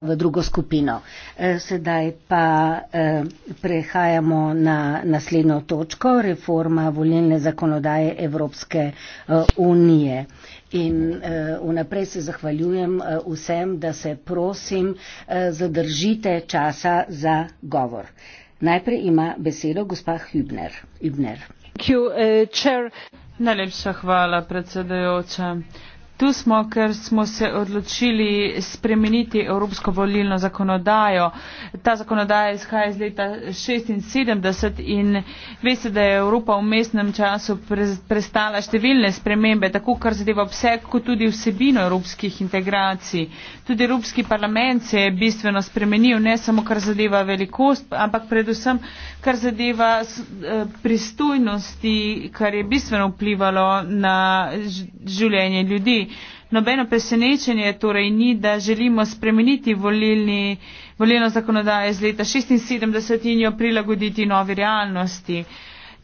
v drugo skupino. E, sedaj pa e, prehajamo na naslednjo točko, reforma volilne zakonodaje Evropske e, unije. In vnaprej se zahvaljujem vsem, da se prosim zadržite časa za govor. Najprej ima besedo gospa Hübner. Hübner. Najlepša hvala predsedajoča. Tu smo, ker smo se odločili spremeniti evropsko volilno zakonodajo. Ta zakonodaja izhaja iz leta 1976 in veste, da je Evropa v mestnem času prestala številne spremembe, tako kar zadeva obseg, kot tudi vsebino evropskih integracij. Tudi Evropski parlament se je bistveno spremenil, ne samo kar zadeva velikost, ampak predvsem kar zadeva eh, pristojnosti, kar je bistveno vplivalo na življenje ljudi nobeno presenečenje torej ni, da želimo spremeniti volilni, volilno zakonodajo iz leta 76 in jo prilagoditi novi realnosti.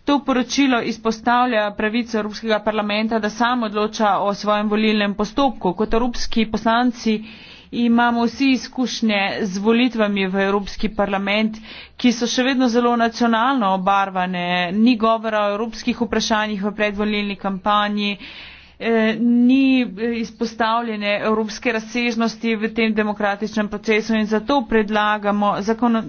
To poročilo izpostavlja pravico Evropskega parlamenta, da sam odloča o svojem volilnem postopku. Kot evropski poslanci imamo vsi izkušnje z volitvami v Evropski parlament, ki so še vedno zelo nacionalno obarvane. Ni govora o evropskih vprašanjih v predvolilni kampanji. Eh, ni eh, izpostavljene evropske razsežnosti v tem demokratičnem procesu in zato predlagamo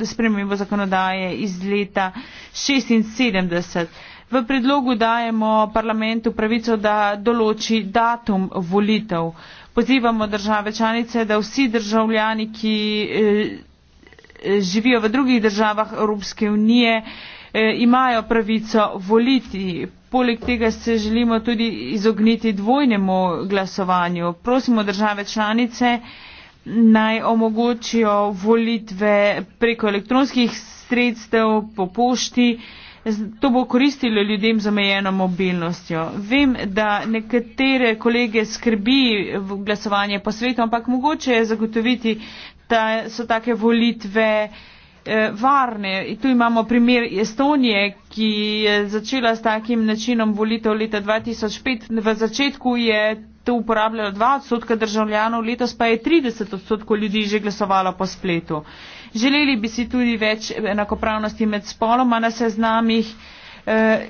spremembo zakonodaje iz leta 1976. V predlogu dajemo parlamentu pravico, da določi datum volitev. Pozivamo države članice, da vsi državljani, ki eh, živijo v drugih državah Evropske unije, imajo pravico voliti. Poleg tega se želimo tudi izogniti dvojnemu glasovanju. Prosimo države članice naj omogočijo volitve preko elektronskih sredstev, po pošti. To bo koristilo ljudem z omejeno mobilnostjo. Vem, da nekatere kolege skrbi v glasovanje po svetu, ampak mogoče je zagotoviti, da so take volitve. Eh, varne. Tu imamo primer Estonije, ki je začela s takim načinom volitev leta 2005. V začetku je to uporabljalo 2 odstotka državljanov, letos pa je 30 odstotkov ljudi že glasovalo po spletu. Želeli bi si tudi več enakopravnosti med spoloma na seznamih. Eh,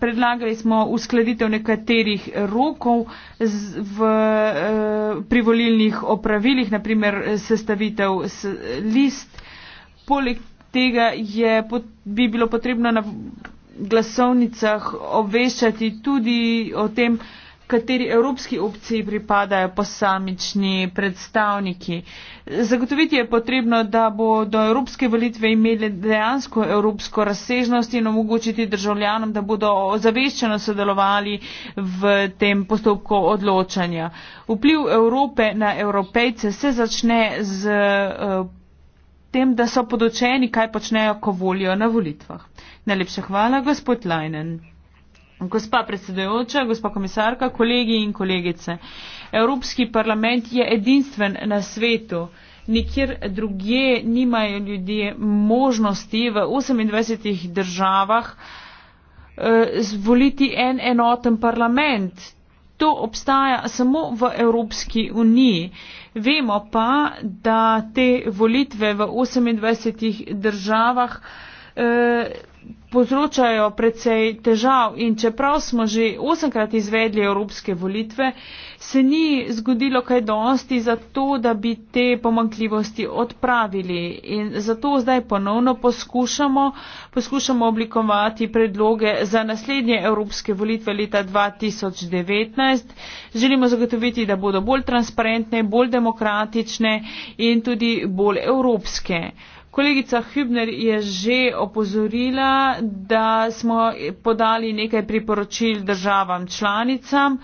predlagali smo uskladitev nekaterih rokov v eh, privolilnih opravilih, naprimer sestavitev list poleg tega je, bi bilo potrebno na glasovnicah obveščati tudi o tem, kateri evropski opciji pripadajo posamični predstavniki. Zagotoviti je potrebno, da bodo evropske volitve imele dejansko evropsko razsežnost in omogočiti državljanom, da bodo zaveščeno sodelovali v tem postopku odločanja. Vpliv Evrope na evropejce se začne z. Uh, tem, da so podočeni, kaj počnejo, ko volijo na volitvah. Najlepša hvala, gospod Lajnen. Gospa predsedujoča, gospa komisarka, kolegi in kolegice. Evropski parlament je edinstven na svetu. Nikjer drugje nimajo ljudje možnosti v 28 državah eh, zvoliti en enoten parlament to obstaja samo v Evropski uniji. Vemo pa, da te volitve v 28 državah Eh, povzročajo precej težav in čeprav smo že osemkrat izvedli evropske volitve, se ni zgodilo kaj dosti za to, da bi te pomankljivosti odpravili in zato zdaj ponovno poskušamo, poskušamo oblikovati predloge za naslednje evropske volitve leta 2019. Želimo zagotoviti, da bodo bolj transparentne, bolj demokratične in tudi bolj evropske. Kolegica Hübner je že opozorila, da smo podali nekaj priporočil državam članicam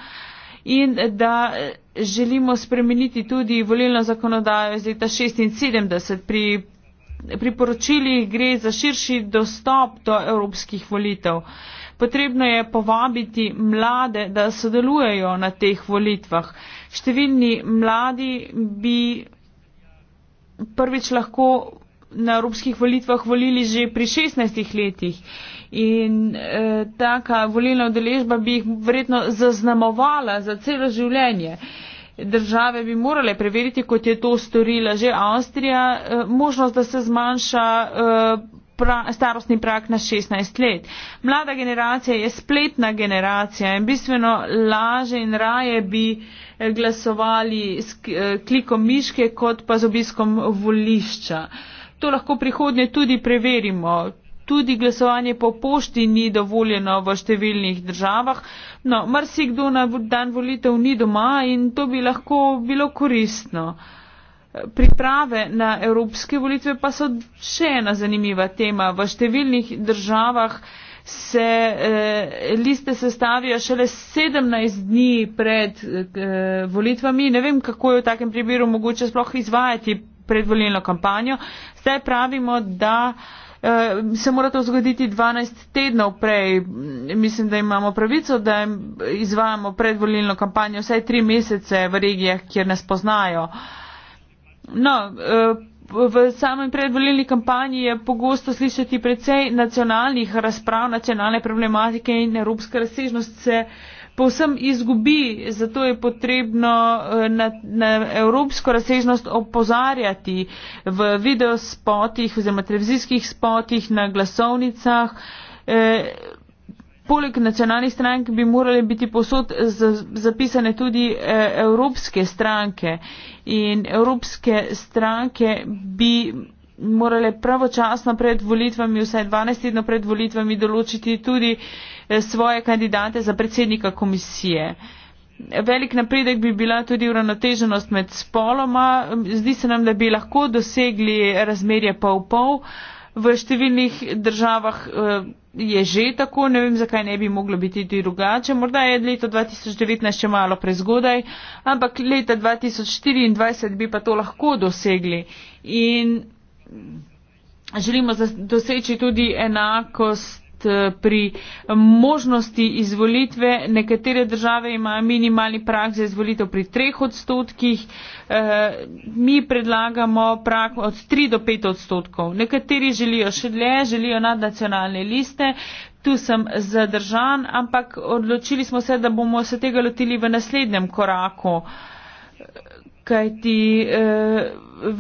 in da eh, želimo spremeniti tudi volilno zakonodajo iz leta 76. Pri priporočili gre za širši dostop do evropskih volitev. Potrebno je povabiti mlade, da sodelujejo na teh volitvah. Številni mladi bi prvič lahko na evropskih volitvah volili že pri 16 letih. In e, taka volilna udeležba bi jih verjetno zaznamovala za celo življenje. Države bi morale preveriti, kot je to storila že Avstrija, e, možnost, da se zmanjša. E, Pra, starostni prak na 16 let. Mlada generacija je spletna generacija in bistveno laže in raje bi glasovali s klikom miške kot pa z obiskom volišča. E, To lahko prihodnje tudi preverimo. Tudi glasovanje po pošti ni dovoljeno v številnih državah. No, marsikdo na dan volitev ni doma in to bi lahko bilo koristno. Priprave na evropske volitve pa so še ena zanimiva tema. V številnih državah se eh, liste sestavijo šele 17 dni pred eh, volitvami. Ne vem, kako je v takem primeru mogoče sploh izvajati predvoljeno kampanjo. Zdaj pravimo, da eh, se mora to zgoditi 12 tednov prej. Mislim, da imamo pravico, da izvajamo predvoljeno kampanjo vsaj tri mesece v regijah, kjer nas poznajo. No, eh, v samem predvoljeni kampanji je pogosto slišati precej nacionalnih razprav, nacionalne problematike in evropska razsežnost se eh, povsem izgubi, zato je potrebno eh, na, na evropsko razsežnost opozarjati v videospotih oziroma televizijskih spotih na glasovnicah. Eh, poleg nacionalnih strank bi morali biti posod zapisane tudi eh, evropske stranke in evropske stranke bi morale pravočasno pred volitvami, vsaj 12 tedno pred volitvami, določiti tudi eh, svoje kandidate za predsednika komisije. Velik napredek bi bila tudi uravnoteženost med spoloma. Zdi se nam, da bi lahko dosegli razmerje pol-pol. V številnih državah eh, je že tako, ne vem, zakaj ne bi moglo biti tudi drugače. Morda je leto 2019 še malo prezgodaj, ampak leta 2024 bi pa to lahko dosegli. In želimo doseči tudi enakost eh, pri možnosti izvolitve. Nekatere države imajo minimalni prak za izvolitev pri treh odstotkih, eh, mi predlagamo prak od tri do pet odstotkov. Nekateri želijo še dlje, želijo nadnacionalne liste. Tu sem zadržan, ampak odločili smo se, da bomo se tega lotili v naslednjem koraku kajti eh,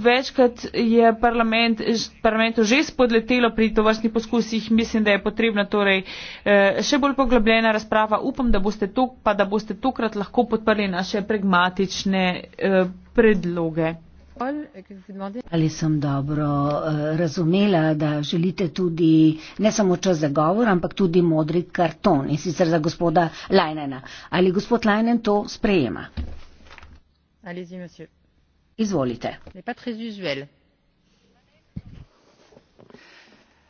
večkrat je parlament, parlamentu že spodletelo pri tovrstnih poskusih. Mislim, da je potrebna torej, eh, še bolj poglobljena razprava. Upam, da boste, tok, pa, da boste tokrat lahko podprli naše pragmatične eh, predloge. Ali sem dobro eh, razumela, da želite tudi ne samo čas za govor, ampak tudi modri karton in sicer za gospoda Lajnena. Ali gospod Lajnen to sprejema? Allez-y, monsieur. Izvolite. N'est pas très usuel.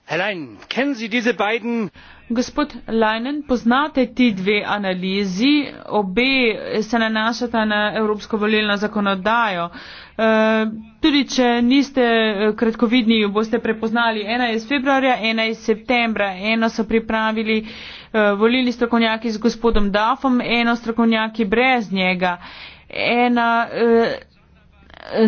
Herr Leinen, kennen Sie diese beiden? Gospod Leinen, poznate ti dve analizi? Obe se nanašata na evropsko volilno zakonodajo. E, tudi če niste eh, kratkovidni, jo boste prepoznali. Ena je iz februarja, ena je iz septembra. Eno so pripravili e, volilni strokovnjaki z gospodom Dafom, eno strokovnjaki brez njega. E, ena eh,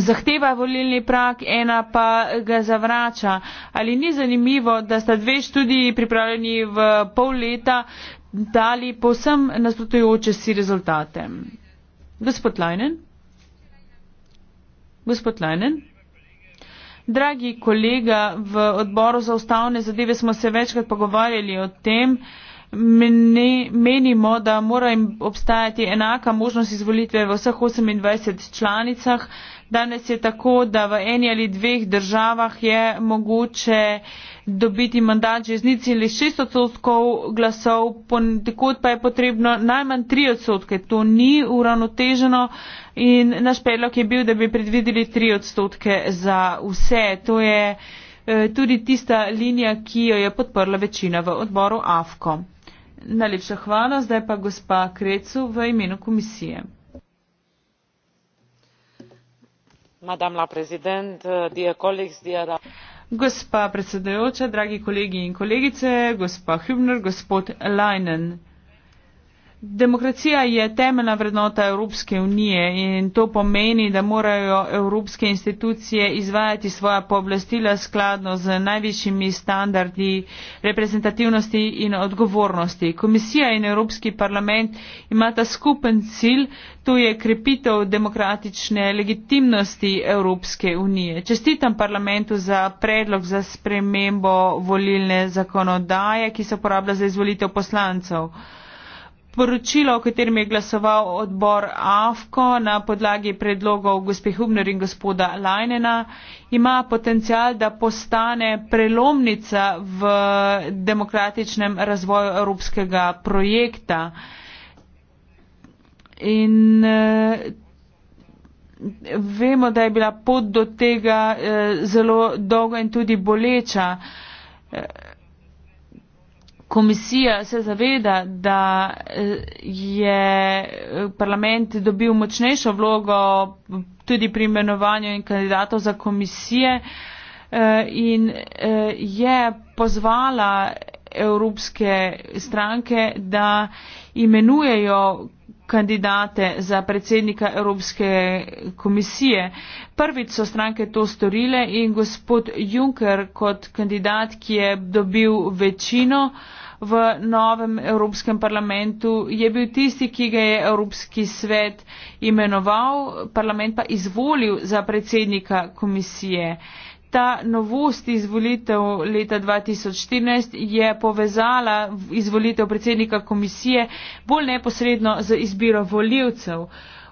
zahteva volilni prak, ena pa ga zavrača. Ali ni zanimivo, da sta dve študiji pripravljeni v pol leta dali posem nasprotujoče si rezultate? Gospod Lajnen? Gospod Lajnen? Dragi kolega, v odboru za ustavne zadeve smo se večkrat pogovarjali o tem, Meni, menimo, da mora jim obstajati enaka možnost izvolitve v vseh 28 članicah. Danes je tako, da v eni ali dveh državah je mogoče dobiti mandat že z nic ali šest odstotkov glasov, ponekod pa je potrebno najmanj tri odstotke. To ni uravnoteženo in naš predlog je bil, da bi predvideli tri odstotke za vse. To je eh, tudi tista linija, ki jo je podprla večina v odboru AFKO. Najlepša hvala. Zdaj pa gospa Krecu v imenu komisije. Madame la president, dear colleagues, dear... Gospa predsedajoča, dragi kolegi in kolegice, gospa Hübner, gospod Leinen. Demokracija je temeljna vrednota Evropske unije in to pomeni, da morajo evropske institucije izvajati svoja pooblastila skladno z najvišjimi standardi reprezentativnosti in odgovornosti. Komisija in Evropski parlament imata skupen cilj, to je krepitev demokratične legitimnosti Evropske unije. Čestitam parlamentu za predlog za spremembo volilne zakonodaje, ki se uporablja za izvolitev poslancev poročilo, o katerem je glasoval odbor AFKO na podlagi predlogov gospe Hubner in gospoda Lajnena, ima potencial, da postane prelomnica v demokratičnem razvoju evropskega projekta. In eh, vemo, da je bila pot do tega eh, zelo dolga in tudi boleča. Eh, komisija se zaveda, da eh, je eh, parlament dobil močnejšo vlogo tudi pri imenovanju in kandidatov za komisije eh, in je pozvala evropske stranke, da imenujejo kandidate za predsednika Evropske komisije. Prvič so stranke to storile in gospod Juncker kot kandidat, ki je dobil večino, uh, v novem Evropskem parlamentu je bil tisti, ki ga je Evropski svet imenoval, parlament pa izvolil za predsednika komisije. Ta novost izvolitev leta 2014 je povezala izvolitev predsednika komisije bolj neposredno z izbiro voljivcev.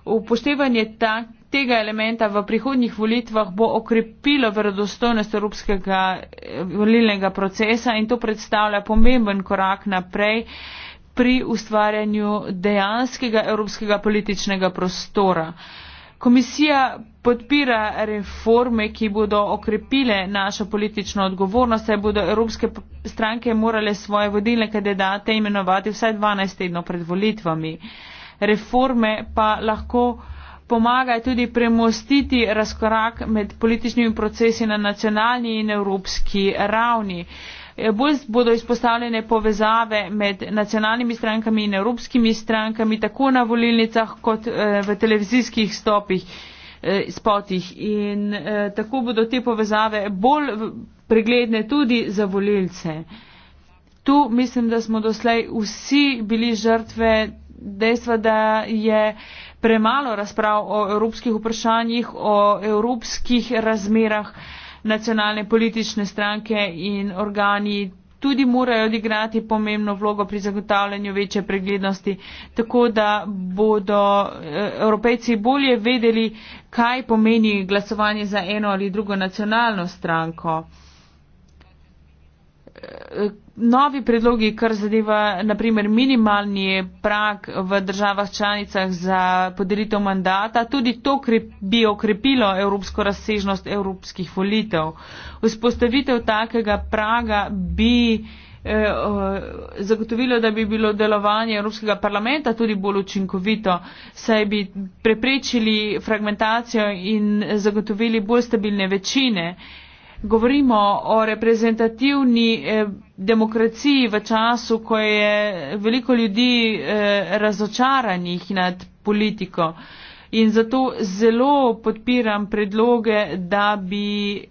Upoštevanje tak, tega elementa v prihodnjih volitvah bo okrepilo verodostojnost evropskega eh, volilnega procesa in to predstavlja pomemben korak naprej pri ustvarjanju dejanskega evropskega političnega prostora. Komisija podpira reforme, ki bodo okrepile našo politično odgovornost, saj bodo evropske stranke morale svoje vodilne kandidate imenovati vsaj 12 tednov pred volitvami. Reforme pa lahko pomagajo tudi premostiti razkorak med političnimi procesi na nacionalni in evropski ravni. E, bolj bodo izpostavljene povezave med nacionalnimi strankami in evropskimi strankami, tako na volilnicah kot e, v televizijskih stopih, e, spotih. In tako bodo te povezave bolj pregledne tudi za volilce. Tu mislim, da smo doslej vsi bili žrtve dejstva, da je premalo razprav o evropskih vprašanjih, o evropskih razmerah nacionalne politične stranke in organi tudi morajo odigrati pomembno vlogo pri zagotavljanju večje preglednosti, tako da bodo eh, evropejci bolje vedeli, kaj pomeni glasovanje za eno ali drugo nacionalno stranko. Eh, novi predlogi, kar zadeva naprimer minimalni prak v državah članicah za podelitev mandata, tudi to bi okrepilo evropsko razsežnost evropskih volitev. Vzpostavitev takega praga bi eh, eh, zagotovilo, da bi bilo delovanje Evropskega parlamenta tudi bolj učinkovito, saj bi preprečili fragmentacijo in zagotovili bolj stabilne večine. Govorimo o reprezentativni eh, demokraciji v času, ko je veliko ljudi eh, razočaranih nad politiko. In zato zelo podpiram predloge, da bi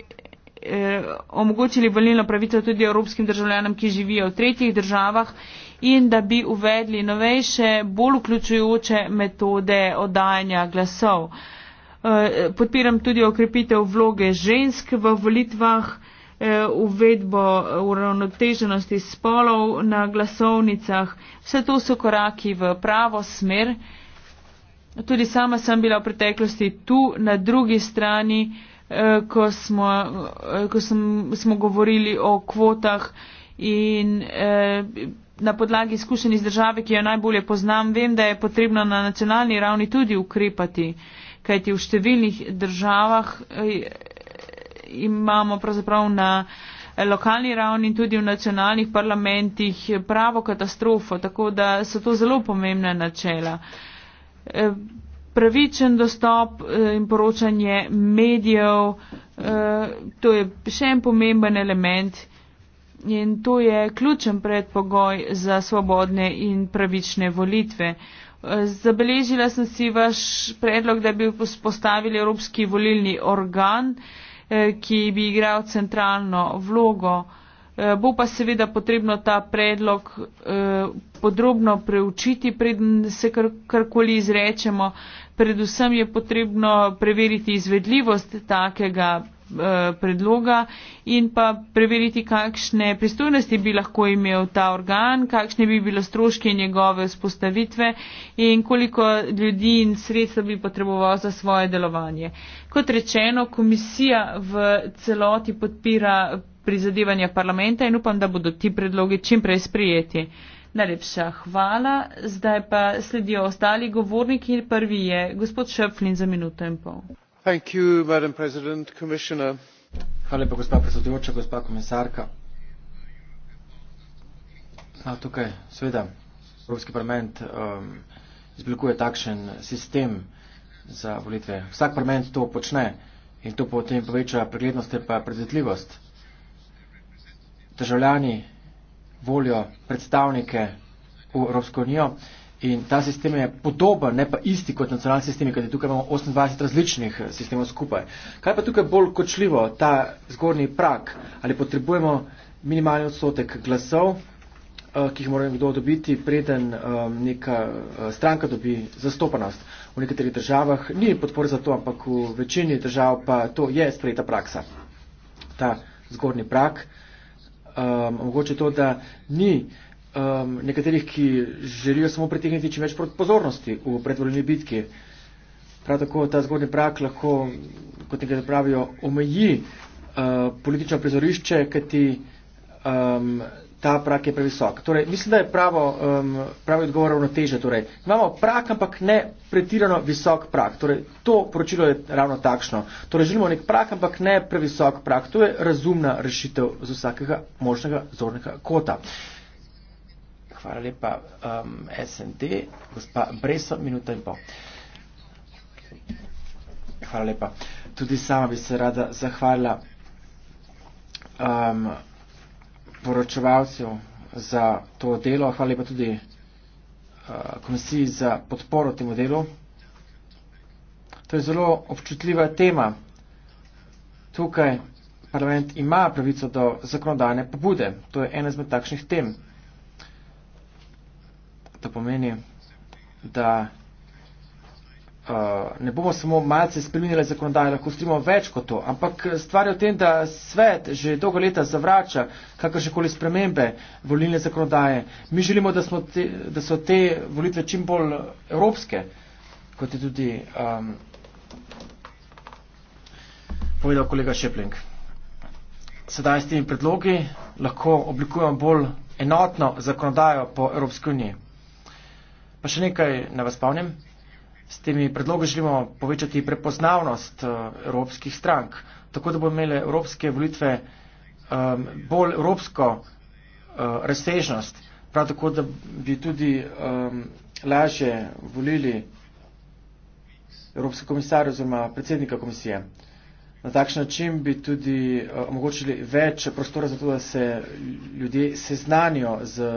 eh, omogočili volilno pravico tudi evropskim državljanom, ki živijo v tretjih državah in da bi uvedli novejše, bolj vključujoče metode oddajanja glasov. Eh, podpiram tudi okrepitev vloge žensk v volitvah, eh, uvedbo eh, uravnoteženosti spolov na glasovnicah. Vse to so koraki v pravo smer. Tudi sama sem bila v preteklosti tu na drugi strani, ko smo, ko sem, smo govorili o kvotah in na podlagi izkušenj iz države, ki jo najbolje poznam, vem, da je potrebno na nacionalni ravni tudi ukrepati kajti v številnih državah eh, imamo pravzaprav na lokalni ravni in tudi v nacionalnih parlamentih pravo katastrofo, tako da so to zelo pomembna načela. Eh, pravičen dostop eh, in poročanje medijev, to je še en pomemben element in to je ključen predpogoj za svobodne in pravične volitve. Zabeležila sem si vaš predlog, da bi postavili Evropski volilni organ, eh, ki bi igral centralno vlogo. Eh, bo pa seveda potrebno ta predlog eh, podrobno preučiti, preden se karkoli kar izrečemo. Predvsem je potrebno preveriti izvedljivost takega Eh, predloga in pa preveriti, kakšne pristojnosti bi lahko imel ta organ, kakšne bi bilo stroške njegove vzpostavitve in koliko ljudi in sredstva bi potreboval za svoje delovanje. Kot rečeno, komisija v celoti podpira prizadevanja parlamenta in upam, da bodo ti predloge čim prej sprijeti. Najlepša hvala. Zdaj pa sledijo ostali govorniki. Prvi je gospod Šeflin za minuto in pol madam president commissioner hvala lepa gospa predsedujoča gospa komisarka tukaj seveda evropski parlament um, izoblikuje takšen sistem za volitve vsak parlament to počne in to potem poveča preglednost in pa predvidljivost državljani volijo predstavnike v evropsko unijo In ta sistem je podoben, ne pa isti kot nacionalni sistemi, kajti tukaj imamo 28 različnih eh, sistemov skupaj. Kaj pa tukaj bolj kočljivo, ta zgornji prak, ali potrebujemo minimalni odstotek glasov, eh, ki jih mora nekdo dobiti, preden eh, neka stranka dobi zastopanost. V nekaterih državah ni podpor za to, ampak v večini držav pa to je sprejeta praksa. Ta zgornji prak, um, mogoče to, da ni um, nekaterih, ki želijo samo pritegniti čim več pozornosti v predvoljeni bitki. Prav tako ta zgodni prak lahko, kot nekaj pravijo, omeji uh, politično prizorišče, kajti um, ta prak je previsok. Torej, mislim, da je pravo, um, pravi odgovor ravnoteže. Torej, imamo prak, ampak ne pretirano visok prak. Torej, to poročilo je ravno takšno. Torej, želimo nek prak, ampak ne previsok prak. To je razumna rešitev z vsakega možnega zornega kota. Uh, Hvala lepa, um, SND. Gospa Breso, minuta in pol. Hvala lepa. Tudi sama bi se rada zahvalila um, poročevalcev za to delo. Hvala lepa tudi uh, komisiji za podporo temu delu. To je zelo občutljiva tema. Tukaj parlament ima pravico do zakonodajne pobude. To je ena izmed takšnih tem. To pomeni, da uh, ne bomo samo malce spremenili zakonodaje, lahko ustrimo več kot to, ampak stvar je v tem, da svet že dolgo leta zavrača kakršnekoli spremembe volilne zakonodaje. Mi želimo, da, te, da so te volitve čim bolj evropske, kot je tudi um, povedal kolega Šepling. Sedaj s temi predlogi lahko oblikujemo bolj enotno zakonodajo po Evropski uniji. Pa še nekaj na vas spomnim. S temi predlogi želimo povečati prepoznavnost eh, evropskih strank, tako da bo imele evropske volitve um, bolj evropsko uh, razsežnost, prav tako, da bi tudi um, lažje volili evropske komisarje oziroma predsednika komisije. Na takšen način bi tudi uh, omogočili več prostora za to, da se ljudje seznanijo z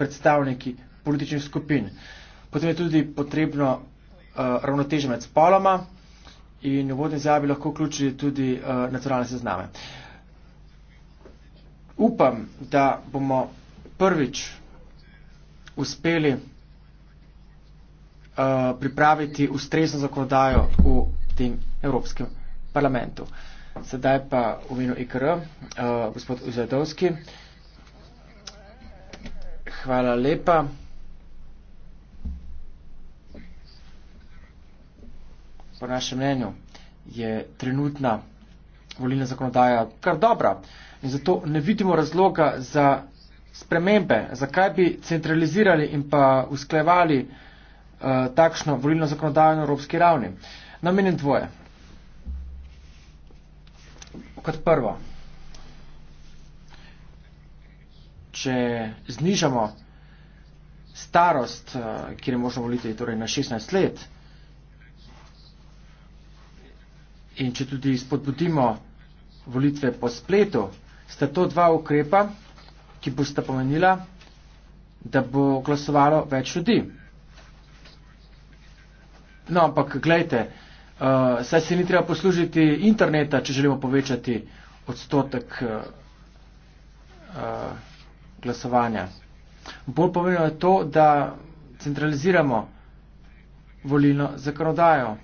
predstavniki političnih skupin. Uh, Potem je tudi potrebno uh, eh, ravnoteže med spoloma in v vodni zjavi lahko vključili tudi uh, nacionalne sezname. Upam, da bomo prvič uspeli uh, pripraviti ustrezno zakonodajo v tem Evropskem parlamentu. Sedaj pa v imenu IKR, uh, gospod Uzadovski. Hvala lepa. po našem mnenju, je trenutna volilna zakonodaja kar dobra in zato ne vidimo razloga za spremembe, zakaj bi centralizirali in pa usklejevali uh, eh, takšno volilno zakonodajo na evropski ravni. Namenim dvoje. Kot prvo, če znižamo starost, uh, kjer je možno voliti torej na 16 let, uh, in če tudi spodbudimo volitve po spletu, sta to dva ukrepa, ki bosta pomenila, da bo glasovalo več ljudi. No, ampak gledajte, uh, eh, saj se ni treba poslužiti interneta, če želimo povečati odstotek uh, glasovanja. Bolj pomembno je to, da centraliziramo volilno zakonodajo.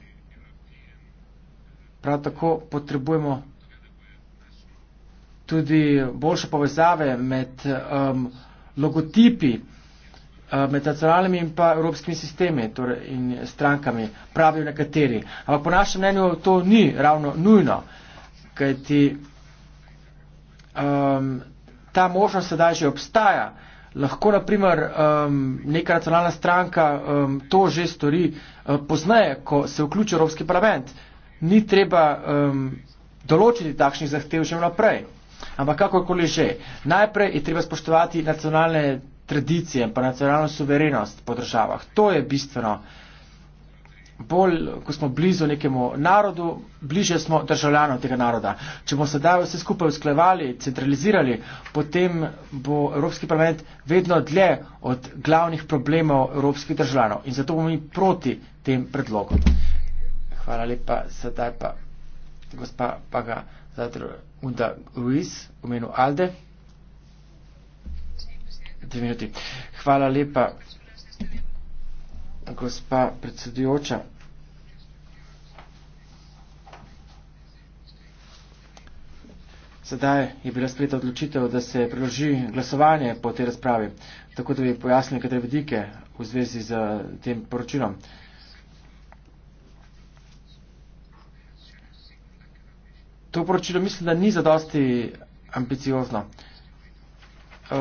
Prav tako potrebujemo tudi boljše povezave med um, logotipi, uh, med nacionalnimi in pa evropskimi sistemi torej in strankami, pravijo nekateri. Ampak po našem mnenju to ni ravno nujno, kajti um, ta možnost sedaj že obstaja. Lahko, naprimer, um, neka nacionalna stranka um, to že stori uh, poznaje, ko se vključi Evropski parlament ni treba um, določiti takšnih zahtev že naprej. Ampak kakorkoli že, najprej je treba spoštovati nacionalne tradicije in pa nacionalno suverenost po državah. To je bistveno. Bolj, ko smo blizu nekemu narodu, bliže smo državljanov tega naroda. Če bomo sedaj vse skupaj usklevali, centralizirali, potem bo Evropski parlament vedno dlje od glavnih problemov evropskih državljanov in zato bomo mi proti tem predlogom. Hvala lepa, sedaj pa gospa Paga Zadrunda Ruiz, omenil Alde. Dve minuti. Hvala lepa, gospa predsedujoča. Sedaj je bila sprejeta odločitev, da se priloži glasovanje po tej razpravi, tako da bi pojasnili nekatere vidike v zvezi z tem poročilom. Uh, To poročilo mislim, da ni zadosti ambiciozno. Uh,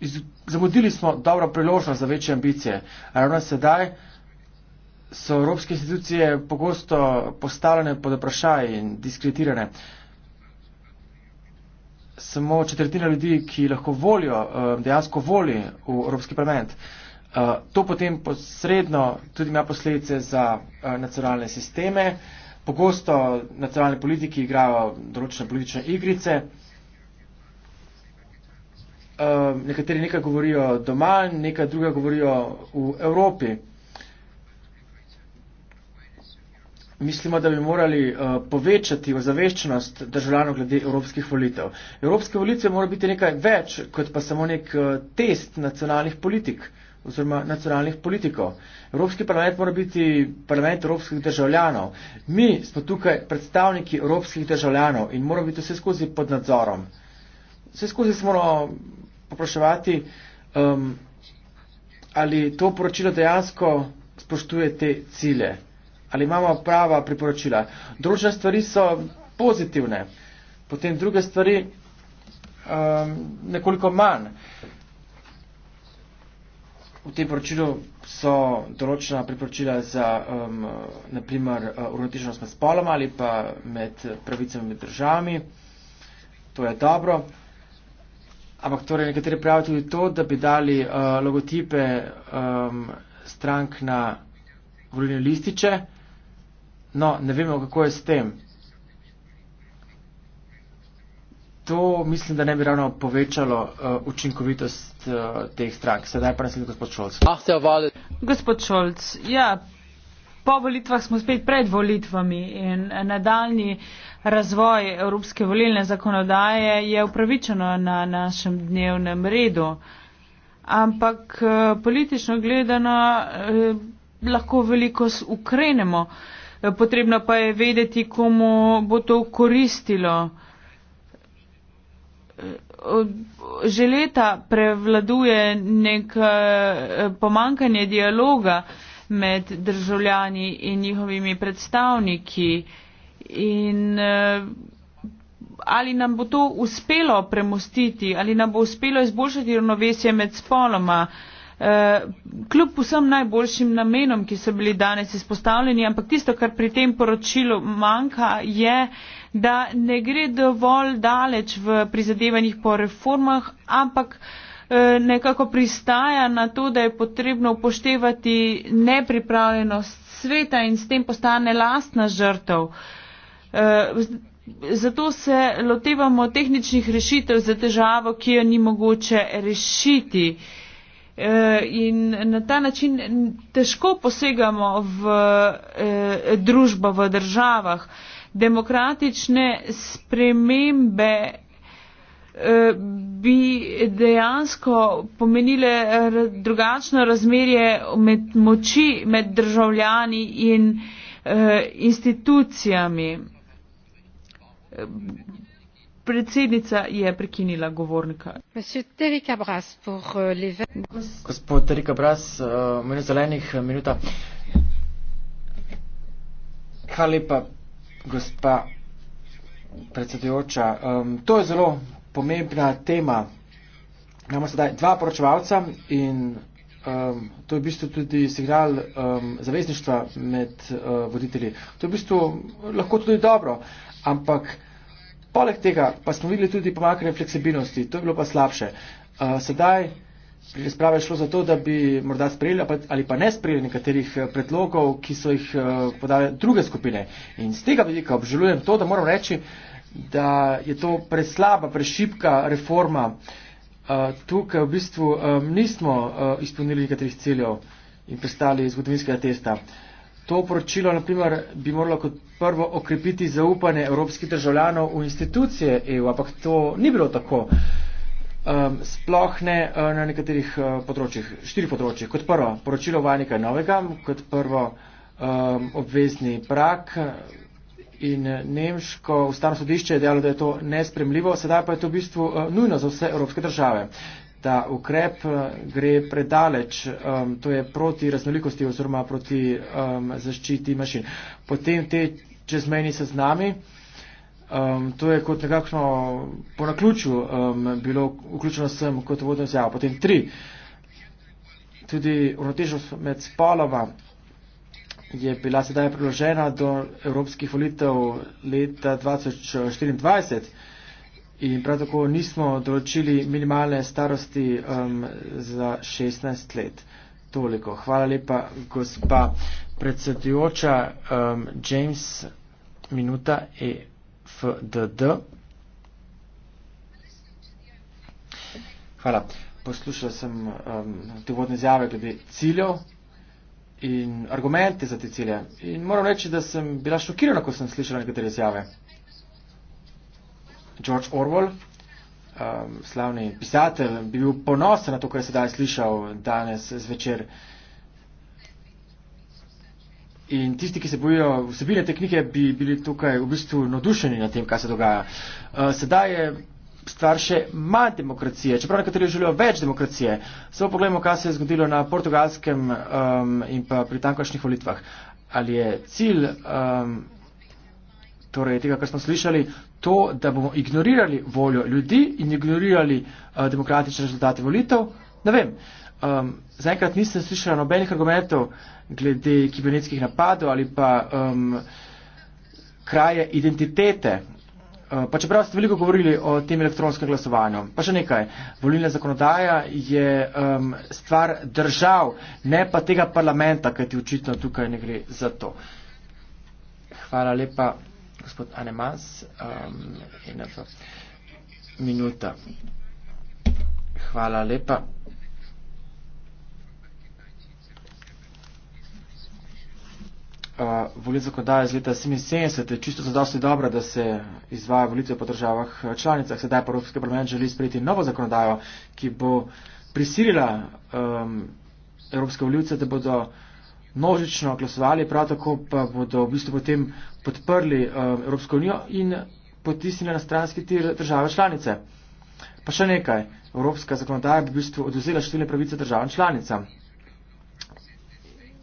iz, zamudili smo dobro priložnost za večje ambicije. Ravno sedaj so evropske institucije pogosto postavljene pod vprašaj in diskretirane. Samo četrtina ljudi, ki lahko volijo, uh, dejansko voli v Evropski parlament. Uh, to potem posredno tudi ima posledice za uh, nacionalne sisteme. Uh, Pogosto nacionalne politiki igrajo določene politične igrice. Uh, nekateri nekaj govorijo doma, nekaj druga govorijo v Evropi. Mislimo, da bi morali uh, povečati ozaveščenost državljanov glede evropskih volitev. Evropske volitve morajo biti nekaj več kot pa samo nek uh, eh, test nacionalnih politik. Uh, oziroma nacionalnih politikov. Evropski parlament mora biti parlament evropskih državljanov. Mi smo tukaj predstavniki evropskih državljanov in moramo biti vse skozi pod nadzorom. Vse skozi se moramo popraševati, um, ali to poročilo dejansko spoštuje te cilje, ali imamo prava priporočila. Družne stvari so pozitivne, potem druge stvari um, nekoliko manj. V tem poročilu so določena priporočila za um, naprimer uh, uravnoteženost med spolom ali pa med pravicami med državami. To je dobro. Ampak torej nekateri pravijo tudi to, da bi dali uh, logotipe um, strank na volilne lističe. No, ne vemo, kako je s tem. to mislim, da ne bi ravno povečalo uh, učinkovitost uh, teh strank. Sedaj pa naslednji gospod Šolc. Ah, se ovali. Gospod Šolc, ja, po volitvah smo spet pred volitvami in nadaljni razvoj evropske volilne zakonodaje je upravičeno na našem dnevnem redu. Ampak eh, politično gledano lahko veliko ukrenemo. Potrebno pa je vedeti, komu bo to koristilo že leta prevladuje nek eh, pomankanje dialoga med državljani in njihovimi predstavniki. In eh, ali nam bo to uspelo premostiti, ali nam bo uspelo izboljšati ravnovesje med spoloma. Eh, kljub vsem najboljšim namenom, ki so bili danes izpostavljeni, ampak tisto, kar pri tem poročilu manjka, je, da ne gre dovolj daleč v prizadevanjih po reformah, ampak eh, nekako pristaja na to, da je potrebno upoštevati nepripravljenost sveta in s tem postane lastna žrtev. Eh, zato se lotevamo tehničnih rešitev za težavo, ki jo ni mogoče rešiti. Eh, in na ta način težko posegamo v družbo, v državah demokratične spremembe eh, bi dejansko pomenile eh, drugačno razmerje med moči med državljani in eh, institucijami. Predsednica je prekinila govornika. Euh, Gospod Terry Cabras, minuta zelenih, minuta. Hvala lepa gospa predsedujoča. Um, to je zelo pomembna tema. Imamo sedaj dva poročevalca in um, to je v bistvu tudi signal um, zavezništva med uh, voditelji. To je v bistvu lahko tudi dobro, ampak poleg tega pa smo videli tudi pomakanje fleksibilnosti, to je bilo pa slabše. Uh, sedaj Pri razpravi je šlo za to, da bi morda sprejeli ali pa ne sprejeli nekaterih eh, predlogov, ki so jih eh, podale druge skupine. In z tega vidika obžalujem to, da moram reči, da je to preslaba, prešipka reforma. Eh, tukaj v bistvu nismo izpolnili nekaterih ciljev in prestali zgodovinskega testa. To poročilo, na primer, bi moralo kot prvo okrepiti zaupanje evropskih državljanov v institucije EU, ampak to ni bilo tako. Um, sploh ne uh, na nekaterih uh, področjih, štiri področje. Kot prvo, poročilo vanj nekaj novega, kot prvo um, obvezni prak eh, in nemško ustavno sodišče je dejalo, da je to nespremljivo, sedaj pa je to v bistvu uh, nujno za vse evropske države. Ta ukrep gre predaleč, um, to je proti raznolikosti oziroma proti um, zaščiti mašin. Potem te čezmejni seznami. Um, to je kot nekakšno po naključju um, bilo vključeno sem kot vodno izjavo. Potem tri, tudi uravnotežnost med spolova je bila sedaj priložena do evropskih volitev leta 2024 in prav tako nismo določili minimalne starosti um, za 16 let. Toliko. Hvala lepa, gospa predsedujoča. Um, James, minuta. E. FDD. Hvala. Poslušala sem um, te vodne izjave glede ciljev in argumente za te cilje. In moram reči, da sem bila šokirana, ko sem slišala nekatere izjave. George Orwell, um, slavni pisatelj, bi bil ponosen na to, kar je sedaj slišal danes zvečer. In tisti, ki se bojijo vsebine te knjige, bi bili tukaj v bistvu nadušeni na tem, kaj se dogaja. Uh, sedaj je stvar še manj demokracije, čeprav nekateri želijo več demokracije. Samo pogledajmo, kaj se je zgodilo na portugalskem um, in pa pri tankošnjih volitvah. Ali je cilj um, torej tega, kar smo slišali, to, da bomo ignorirali voljo ljudi in ignorirali uh, demokratične rezultate volitev? Ne vem. Uh, um, zaenkrat nisem slišala nobenih argumentov glede kibernetskih napadov ali pa um, kraje identitete. Uh, pa čeprav ste veliko govorili o tem elektronskem glasovanju, pa še nekaj. Volilna zakonodaja je um, stvar držav, ne pa tega parlamenta, kaj ti očitno tukaj ne gre za to. Hvala lepa, gospod Anemas. Um, minuta. Hvala lepa. uh, volitev zakonodaje iz leta 77 je čisto zadosti dobra, da se izvaja volitev po državah članicah. Sedaj pa Evropski parlament želi sprejeti novo zakonodajo, ki bo prisilila um, evropske voljivce, da bodo množično glasovali, prav tako pa bodo v bistvu potem podprli um, Evropsko unijo in potisnili na stranski tir države članice. Pa še nekaj, evropska zakonodaja bi v bistvu oduzela številne pravice državam članicam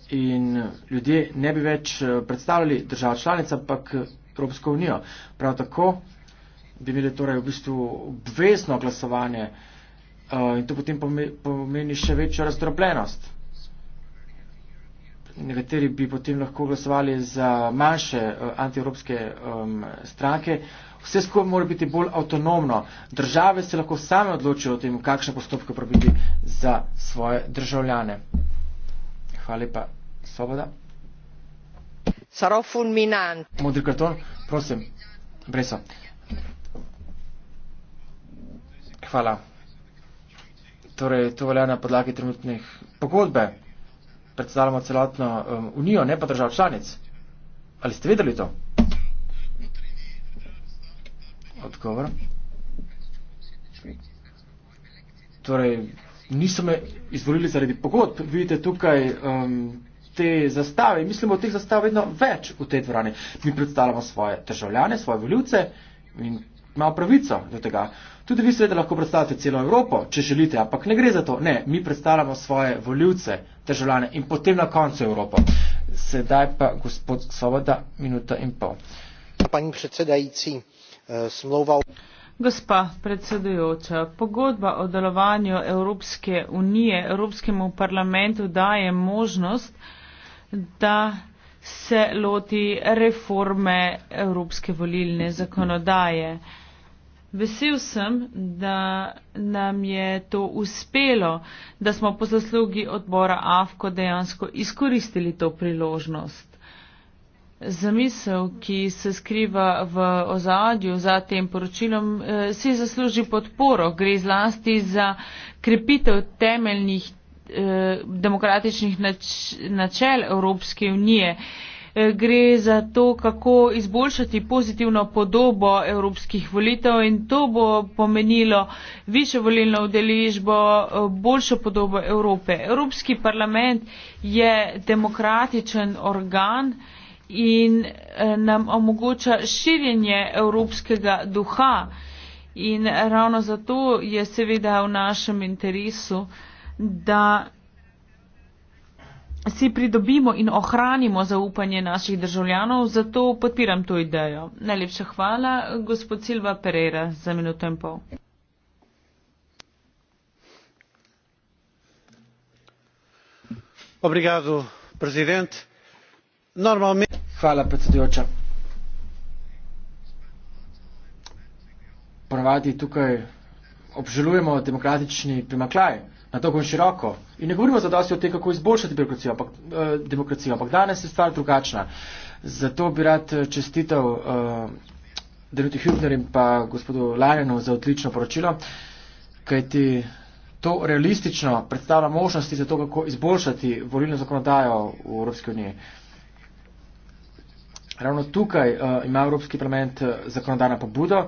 in ljudje ne bi več eh, predstavljali držav članic, ampak eh, Evropsko unijo. Prav tako bi imeli torej v bistvu obvezno glasovanje eh, in to potem pomeni še večjo razdrobljenost. Nekateri bi potem lahko glasovali za manjše antievropske stranke. Vse skupaj mora biti bolj avtonomno. Države se lahko same odločijo o tem, kakšne postopke probiti za svoje državljane. Hvala lepa. Svoboda. Sarò fulminante. Modri karton, prosim. Breso. Hvala. Torej, to velja na podlagi trenutnih pogodbe. Predstavljamo celotno um, unijo, ne pa držav članic. Ali ste vedeli to? Odgovor. Torej, niso me izvolili zaradi pogodb. Vidite tukaj. Um, te zastave. In mislimo, da teh zastav vedno več v tej dvorani. Mi predstavljamo svoje državljane, svoje voljivce in imamo pravico do tega. Tudi vi seveda lahko predstavljate celo Evropo, če želite, ampak ne gre za to. Ne, mi predstavljamo svoje voljivce, državljane in potem na koncu Evropo. Sedaj pa gospod Svoboda, minuta in pol. Pani predsedajci, eh, smlova. Gospa predsedujoča, pogodba o delovanju Evropske unije Evropskemu parlamentu daje možnost, da se loti reforme evropske volilne zakonodaje. Vesel sem, da nam je to uspelo, da smo po zaslugi odbora AFKO dejansko izkoristili to priložnost. Zamisel, ki se skriva v ozadju za tem poročilom, eh, si zasluži podporo. Gre zlasti za krepitev temeljnih Eh, demokratičnih nač, načel Evropske unije. Eh, gre za to, kako izboljšati pozitivno podobo evropskih volitev in to bo pomenilo više volilno udeležbo, eh, boljšo podobo Evrope. Evropski parlament je demokratičen organ in nam omogoča širjenje evropskega duha. In ravno zato je seveda v našem interesu, da si pridobimo in ohranimo zaupanje naših državljanov, zato podpiram to idejo. Najlepša hvala, gospod Silva Pereira, za minuto in pol. Obrigado, prezident. Normalmente... Hvala, predsedujoča. Ponavadi tukaj obžalujemo demokratični primaklaj na dolgo in široko. In ne govorimo za dosti o tem, kako izboljšati birokracijo, ampak, eh, demokracijo, ampak danes je stvar drugačna. Zato bi rad čestitev eh, eh Denuti Hübner in pa gospodu Lajanu za odlično poročilo, kajti to realistično predstavlja možnosti za to, kako izboljšati volilno zakonodajo v Evropski uniji. Ravno tukaj eh, ima Evropski parlament eh, zakonodajno pobudo, eh,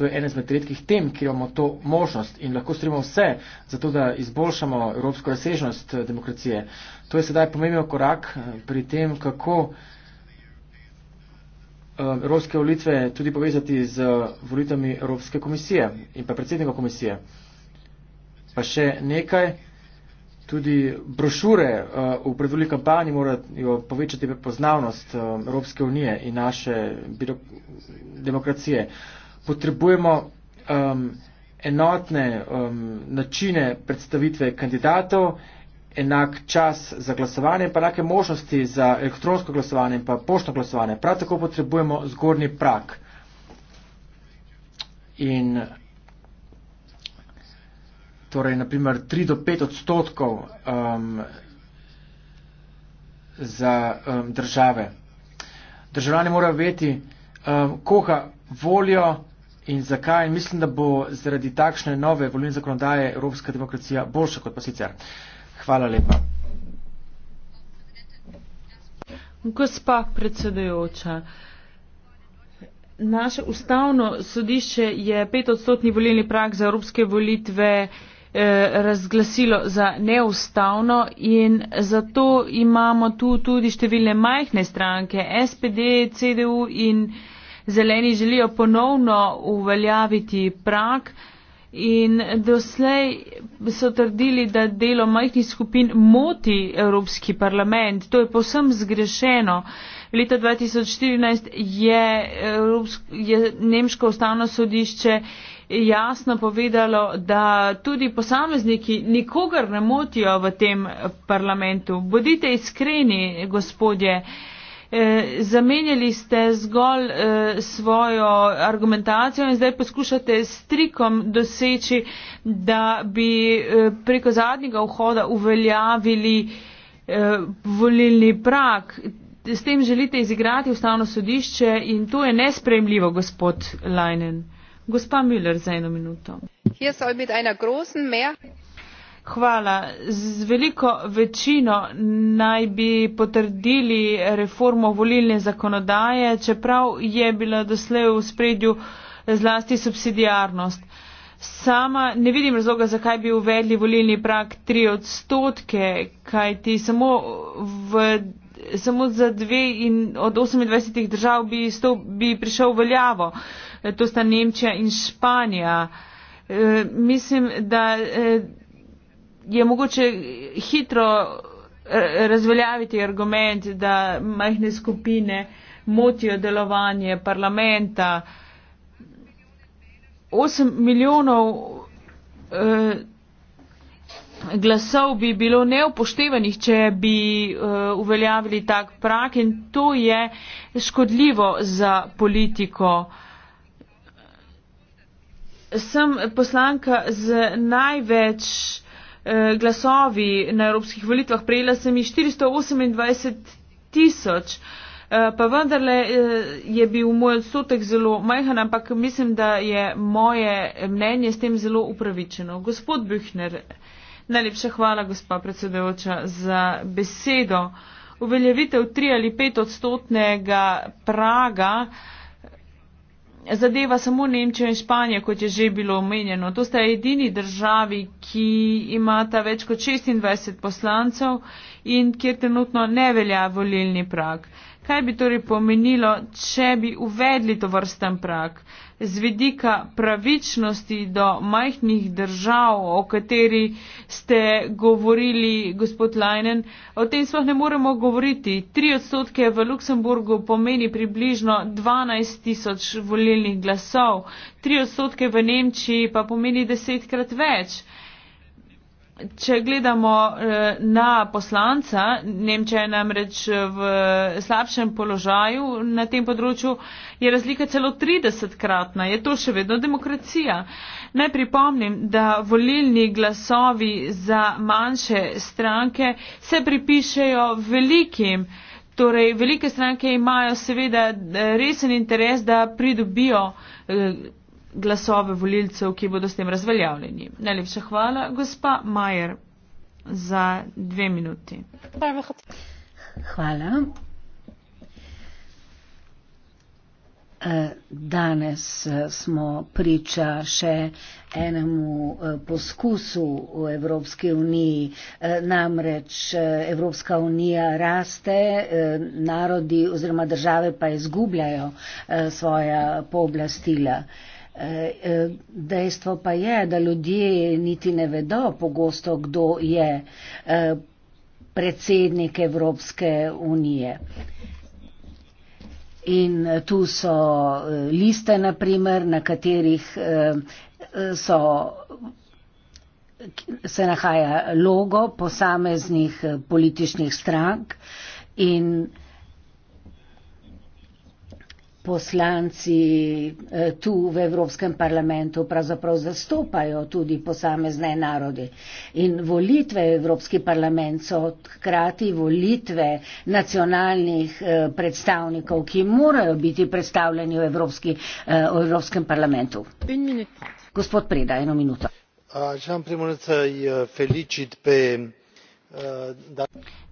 To je ena izmed redkih tem, kjer imamo to možnost in lahko storimo vse za to, da izboljšamo evropsko razsežnost eh, demokracije. To je sedaj pomemben korak eh, pri tem, kako eh, evropske volitve tudi povezati z volitvami Evropske komisije in pa predsednika komisije. Pa še nekaj, tudi brošure v predvoli kampanji morajo povečati prepoznavnost Evropske unije in naše demokracije potrebujemo um, enotne um, načine predstavitve kandidatov, enak čas za glasovanje, pa enake možnosti za elektronsko glasovanje in pa poštno glasovanje. Prav tako potrebujemo zgornji prak. In torej, naprimer, 3 do 5 odstotkov um, za um, države. Državljani morajo veti, um, koga voljo in zakaj. Mislim, da bo zaradi takšne nove volilne zakonodaje evropska demokracija boljša kot pa sicer. Hvala lepa. Gospa predsedujoča, naše ustavno sodišče je petodstotni volilni prak za evropske volitve eh, razglasilo za neustavno in zato imamo tu tudi številne majhne stranke, SPD, CDU in eh, Zeleni želijo ponovno uveljaviti prak in doslej so trdili, da delo majhnih skupin moti Evropski parlament. To je posem zgrešeno. Leta 2014 je, je Nemško ustavno sodišče jasno povedalo, da tudi posamezniki nikogar ne motijo v tem parlamentu. Bodite iskreni, gospodje. Eh, zamenjali ste zgolj eh, svojo argumentacijo in zdaj poskušate s trikom doseči, da bi eh, preko zadnjega vhoda uveljavili volilni prak. S tem želite izigrati ustavno sodišče in to je nespremljivo, gospod Leinen. Gospa Müller, za eno minuto. Hvala. Z veliko večino naj bi potrdili reformo volilne zakonodaje, čeprav je bila doslej v spredju zlasti subsidijarnost. Sama ne vidim razloga, zakaj bi uvedli volilni prak 3 odstotke, kajti samo, v, samo za dve in od 28 držav bi, stop, bi prišel veljavo. To sta Nemčija in Španija. E, mislim, da. E, je mogoče hitro eh, razveljaviti argument, da majhne skupine motijo delovanje parlamenta. 8 milijonov eh, glasov bi bilo neupoštevanih, če bi eh, uveljavili tak prak in to je škodljivo za politiko. Sem poslanka z največ eh, Eh, glasovi na evropskih volitvah. Prejela sem jih 428 tisoč, eh, pa vendarle eh, je bil moj odstotek zelo majhen, ampak mislim, da je moje mnenje s tem zelo upravičeno. Gospod Büchner, najlepša hvala, gospa predsedujoča, za besedo. Uveljavitev tri ali pet odstotnega praga zadeva samo Nemčijo in Španijo, kot je že bilo omenjeno. To sta edini državi, ki imata več kot 26 poslancev in kjer trenutno ne velja volilni prak. Uh, Kaj bi torej pomenilo, če bi uvedli to vrsten prak? Z vidika pravičnosti do majhnih držav, o kateri ste govorili, gospod Lajnen, o tem sploh ne moremo govoriti. Tri odstotke v Luksemburgu pomeni približno 12 tisoč volilnih glasov, tri odstotke v Nemčiji pa pomeni desetkrat več. Če gledamo eh, na poslanca, Nemčija je namreč eh, v slabšem položaju na tem področju, je razlika celo 30-kratna. Je to še vedno demokracija? Naj pripomnim, da volilni glasovi za manjše stranke se pripišejo velikim. Torej, velike stranke imajo seveda eh, resen interes, da pridobijo glasove volilcev, ki bodo s tem razveljavljeni. Najlepša hvala, gospa Majer, za dve minuti. Hvala. Eh, danes eh, smo priča še enemu eh, poskusu v Evropski uniji. Namreč Evropska unija raste, narodi oziroma države pa izgubljajo svoja pooblastila. Po Dejstvo pa je, da ljudje niti ne vedo pogosto, kdo je eh, predsednik Evropske unije. In eh, tu so eh, liste, naprimer, na katerih so, se nahaja logo posameznih političnih strank in poslanci eh, tu v Evropskem parlamentu pravzaprav zastopajo tudi posamezne narode. In volitve v Evropski parlament so hkrati volitve nacionalnih eh, predstavnikov, ki morajo biti predstavljeni v, Evropski, eh, v Evropskem parlamentu. Gospod Preda, eno minuto.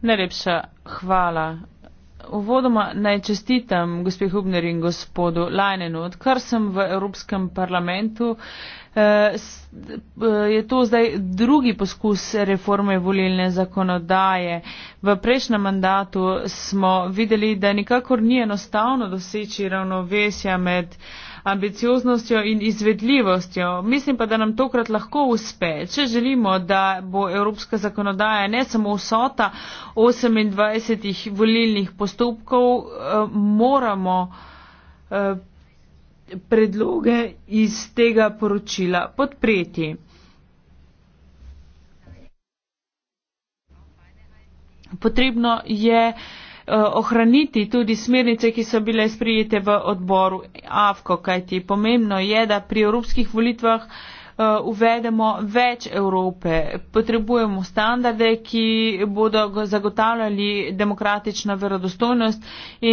Najlepša hvala. Uvodoma naj čestitam gospe Hubner in gospodu Lajnenu. Odkar sem v Evropskem parlamentu, eh, eh, je to zdaj drugi poskus reforme volilne zakonodaje. V prejšnjem mandatu smo videli, da nikakor ni enostavno doseči ravnovesja med uh, ambicioznostjo in izvedljivostjo. Mislim pa, da nam tokrat lahko uspe, če želimo, da bo evropska zakonodaja ne samo vsota 28 volilnih postopkov, eh, moramo eh, predloge iz tega poročila podpreti. Potrebno je Eh, ohraniti tudi smernice, ki so bile sprijete v odboru AFKO, kajti pomembno je, da pri evropskih volitvah eh, uvedemo več Evrope. Potrebujemo standarde, ki bodo zagotavljali demokratično verodostojnost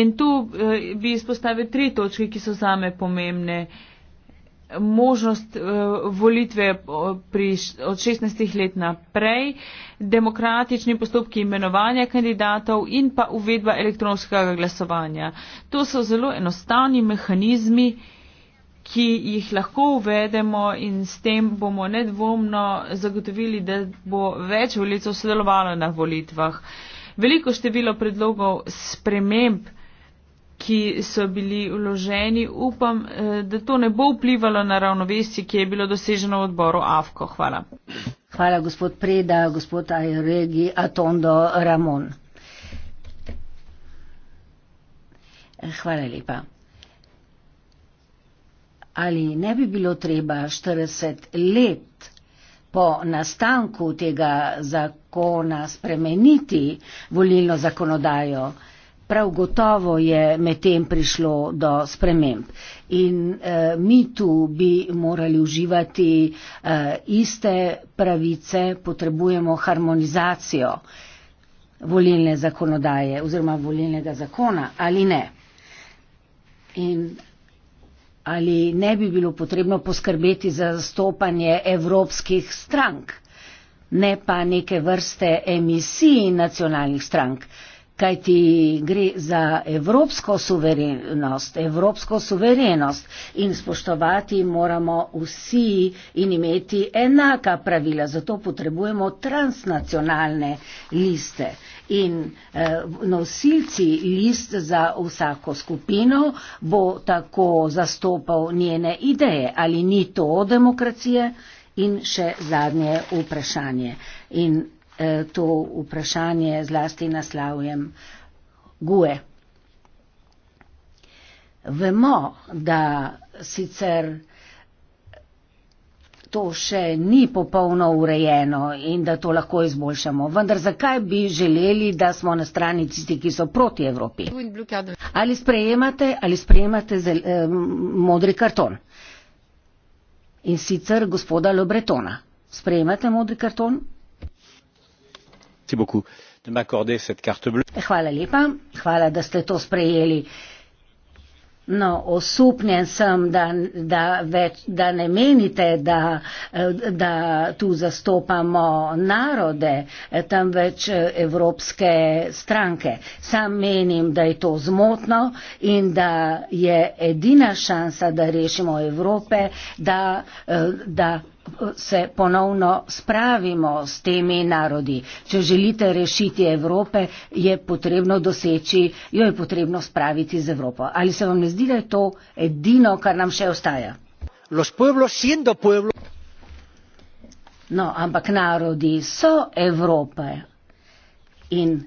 in tu eh, bi izpostavili tri točke, ki so zame pomembne možnost eh, volitve eh, pri, od 16 let naprej, demokratični postopki imenovanja kandidatov in pa uvedba elektronskega glasovanja. To so zelo enostavni mehanizmi, ki jih lahko uvedemo in s tem bomo nedvomno zagotovili, da bo več volitev sodelovalo na volitvah. Veliko število predlogov sprememb ki so bili vloženi. Upam, eh, da to ne bo vplivalo na ravnovesje, ki je bilo doseženo v odboru AFKO. Hvala. Hvala, gospod Preda, gospod Ajoregi, Atondo Ramon. Hvala lepa. Ali ne bi bilo treba 40 let po nastanku tega zakona spremeniti volilno zakonodajo? Prav gotovo je medtem prišlo do sprememb in eh, mi tu bi morali uživati eh, iste pravice, potrebujemo harmonizacijo volilne zakonodaje oziroma volilnega zakona ali ne. In ali ne bi bilo potrebno poskrbeti za zastopanje evropskih strank, ne pa neke vrste emisij nacionalnih strank. Eh, kajti gre za evropsko suverenost, evropsko suverenost in spoštovati moramo vsi in imeti enaka pravila, zato potrebujemo transnacionalne liste. In eh, nosilci list za vsako skupino bo tako zastopal njene ideje. Ali ni to demokracije? In še zadnje vprašanje. In Eh, to vprašanje zlasti naslavljam Gue. Vemo, da sicer to še ni popolno urejeno in da to lahko izboljšamo, vendar zakaj bi želeli, da smo na strani tisti, ki so proti Evropi? Ali sprejemate, ali sprejemate zel, eh, modri karton? In sicer gospoda Lobretona. Sprejemate modri karton? Hvala, da ste to sprejeli. No, osupnjen sem, da, da, več, da ne menite, da, da tu zastopamo narode, temveč evropske stranke. Sam menim, da je to zmotno in da je edina šansa, da rešimo Evrope, da. da se ponovno spravimo s temi narodi. Če želite rešiti Evrope, je potrebno doseči, jo je potrebno spraviti z Evropo. Ali se vam ne zdi, da je to edino, kar nam še ostaja? No, ampak narodi so Evrope in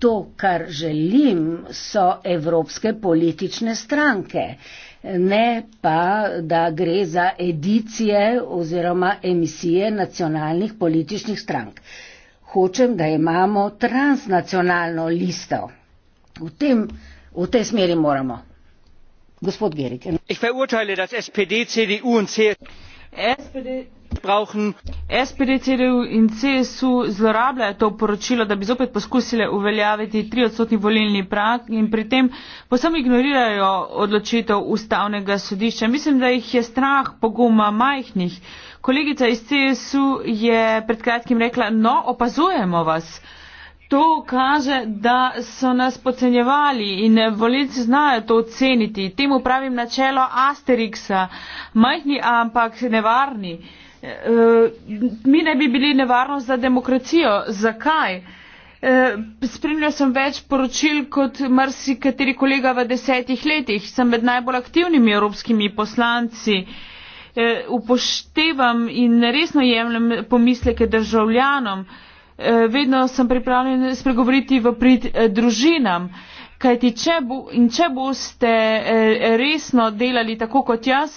to, kar želim, so evropske politične stranke. Uh, ne pa, da gre za edicije oziroma emisije nacionalnih političnih strank. Hočem, da imamo transnacionalno listo. V, tem, v tej smeri moramo. Gospod Gerik. SPD, CDU in CSU. SPD, brauchen. SPD, CDU in CSU zlorabljajo to poročilo, da bi zopet poskusile uveljaviti 3-odstotni volilni prak in pri tem posebno ignorirajo odločitev ustavnega sodišča. Mislim, da jih je strah poguma majhnih. Kolegica iz CSU je pred kratkim rekla, no, opazujemo vas. To kaže, da so nas pocenjevali in volilci znajo to oceniti. Temu pravim načelo Asterixa, majhni, ampak nevarni. Eh, mi ne bi bili nevarnost za demokracijo. Zakaj? Eh, spremljal sem več poročil kot marsikateri kolega v desetih letih. Sem med najbolj aktivnimi evropskimi poslanci. Eh, upoštevam in resno jemljem pomisleke državljanom. Vedno sem pripravljen spregovoriti v prid družinam kajti če, bo, če boste eh, resno delali tako kot jaz,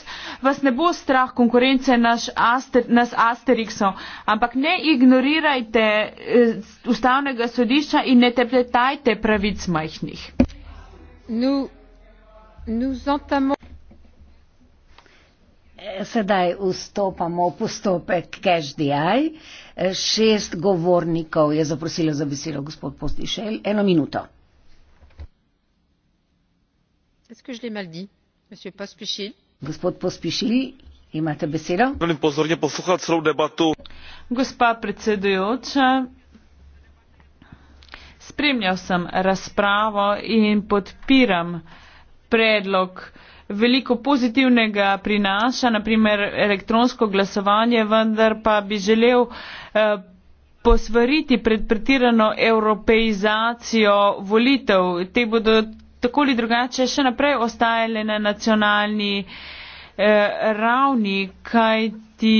vas ne bo strah konkurence naš aster, nas Asterixov. Ampak ne ignorirajte eh, ustavnega sodišča in ne tepletajte pravic majhnih. Eh, sedaj vstopamo v postopek CashDI. Šest govornikov je zaprosilo za besedo gospod Postišelj. Eno minuto. Est-ce que je l'ai mal dit, Monsieur Pospichil? Gospod Pospišil, imate besedo. Želim pozorne poslušati celo debato. Gospa predsedujoča, spremljal sem razpravo in podpiram predlog. Veliko pozitivnega prinaša, naprimer elektronsko glasovanje, vendar pa bi želel eh, posvariti pred pretirano evropeizacijo volitev. Te bodo tako ali drugače še naprej ostajale na nacionalni eh, ravni, kaj ti,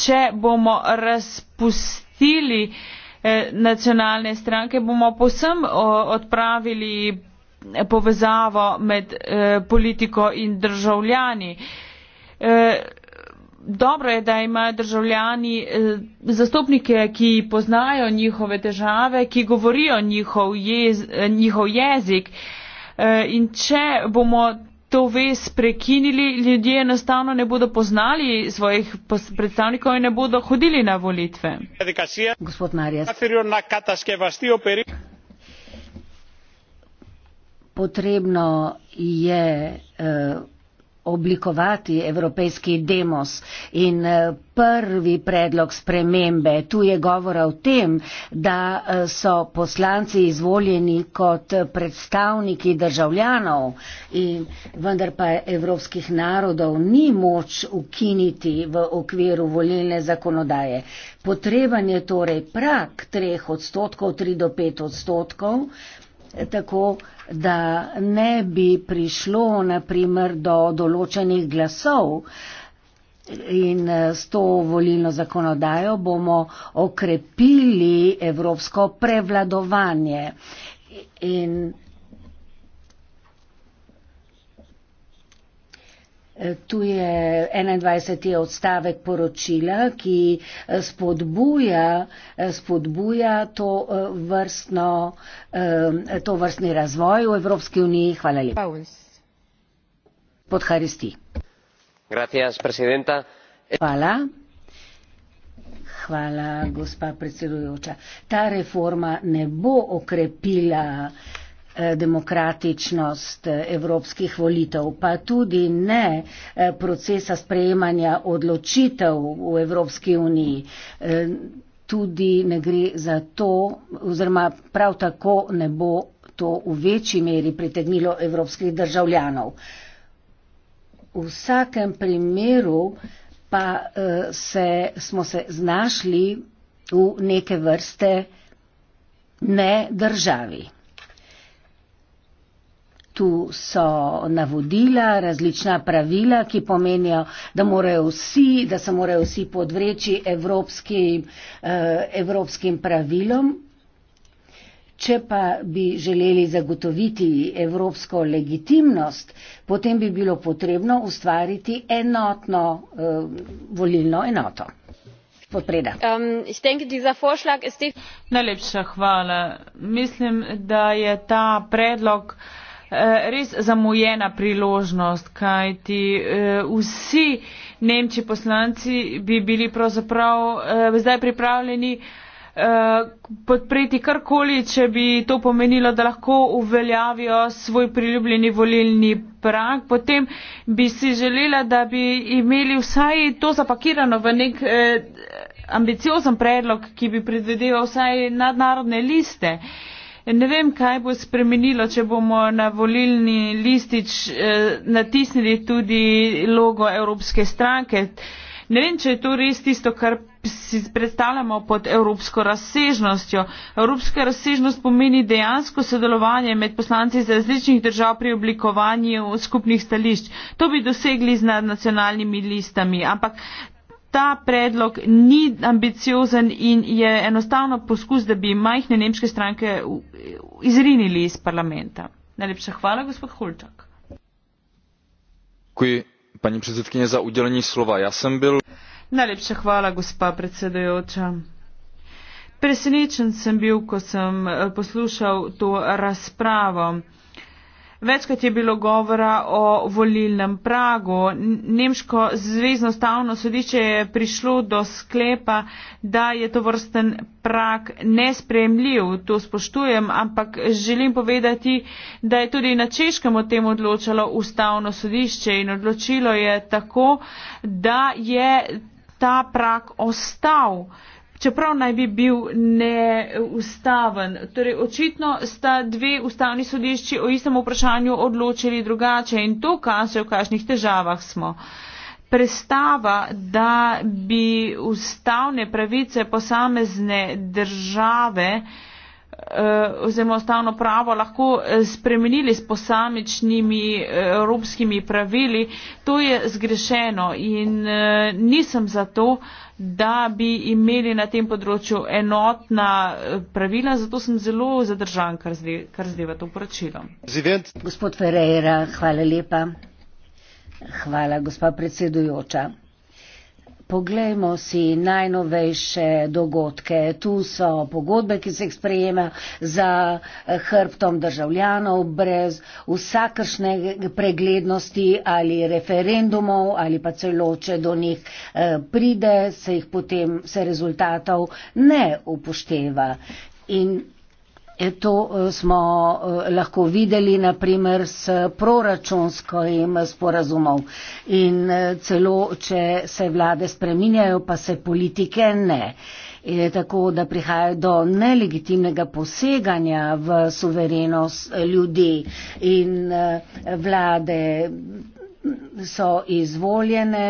če bomo razpustili eh, nacionalne stranke, bomo posem odpravili eh, povezavo med politiko in državljani dobro je, da imajo državljani eh, zastopnike, ki poznajo njihove težave, ki govorijo njihov, jez, eh, njihov jezik. Eh, in če bomo to vez prekinili, ljudje enostavno ne bodo poznali svojih predstavnikov in ne bodo hodili na volitve. Gospod Marjas. Potrebno je. Uh, oblikovati evropski demos in eh, prvi predlog spremembe. Tu je govora o tem, da eh, so poslanci izvoljeni kot predstavniki državljanov in vendar pa evropskih narodov ni moč ukiniti v okviru volilne zakonodaje. Potreben je torej prak 3 odstotkov, 3 do 5 odstotkov tako, da ne bi prišlo naprimer do določenih glasov. In eh, s to volilno zakonodajo bomo okrepili evropsko prevladovanje. In Eh, tu je 21. odstavek poročila, ki eh, spodbuja, eh, spodbuja to, vrstno, to vrstni razvoj v Evropski uniji. Hvala lepa. Podharisti. Hvala. Hvala, gospa predsedujoča. Ta reforma ne bo okrepila. Eh, demokratičnost eh, evropskih volitev, pa tudi ne eh, procesa sprejemanja odločitev v Evropski uniji. Tudi ne gre za to, oziroma prav tako ne bo to v večji meri pritegnilo evropskih državljanov. V vsakem primeru pa se, smo se znašli v neke vrste ne državi. Tu so navodila, različna pravila, ki pomenijo, da, vsi, da se morajo vsi podvreči evropski, eh, evropskim pravilom. Če pa bi želeli zagotoviti evropsko legitimnost, potem bi bilo potrebno ustvariti enotno eh, volilno enoto. Podpreda. Um, Najlepša hvala. Mislim, da je ta predlog. Eh, res zamujena priložnost, kajti eh, vsi nemči poslanci bi bili pravzaprav eh, zdaj pripravljeni podpreti karkoli, če bi to pomenilo, da lahko uveljavijo svoj priljubljeni volilni prak, potem bi si želela, da bi imeli vsaj to zapakirano v nek eh, ambiciozen predlog, ki bi predvedeval vsaj nadnarodne liste. Eh, Ne vem, kaj bo spremenilo, če bomo na volilni listič eh, natisnili tudi logo Evropske stranke. Ne vem, če je to res tisto, kar si predstavljamo pod evropsko razsežnostjo. Evropska razsežnost pomeni dejansko sodelovanje med poslanci iz različnih držav pri oblikovanju skupnih stališč. To bi dosegli z nacionalnimi listami, ampak ta predlog ni ambiciozen in je enostavno poskus, da bi majhne nemške stranke izrinili iz parlamenta. Najlepša hvala, gospod Holčak. Kuj, pani predsednikinja, za udeljenje slova. Jaz sem bil. Najlepša hvala, gospa predsedujoča. Presenečen sem bil, ko sem eh, poslušal to razpravo. Večkrat je bilo govora o volilnem pragu. Nemško zvezdno stavno sodiče je prišlo do sklepa, da je to vrsten prag nespremljiv. To spoštujem, ampak želim povedati, da je tudi na Češkem o tem odločalo ustavno sodišče in odločilo je tako, da je ta prag ostal čeprav naj bi bil neustaven. Torej, očitno sta dve ustavni sodišči o istem vprašanju odločili drugače in to kaže, v kakšnih težavah smo. Prestava, da bi ustavne pravice posamezne države eh, oziroma ustavno pravo lahko eh, spremenili s posamičnimi eh, evropskimi pravili, to je zgrešeno in nisem za to, da bi imeli na tem področju enotna eh, pravila, zato sem zelo zadržan, kar zdeva to poročilo. Zivent. Gospod Ferreira, hvala lepa. Hvala, gospa predsedujoča. Poglejmo si najnovejše dogodke. Tu so pogodbe, ki se jih sprejema za eh, hrbtom državljanov, brez vsakršne preglednosti ali referendumov ali pa celo, če do njih eh, pride, se jih potem se rezultatov ne upošteva. In E to e, smo e, lahko videli naprimer s proračunskim sporazumom in celo, če se vlade spreminjajo, pa se politike ne. Je tako, da prihaja do nelegitimnega poseganja v suverenost ljudi in vlade so izvoljene.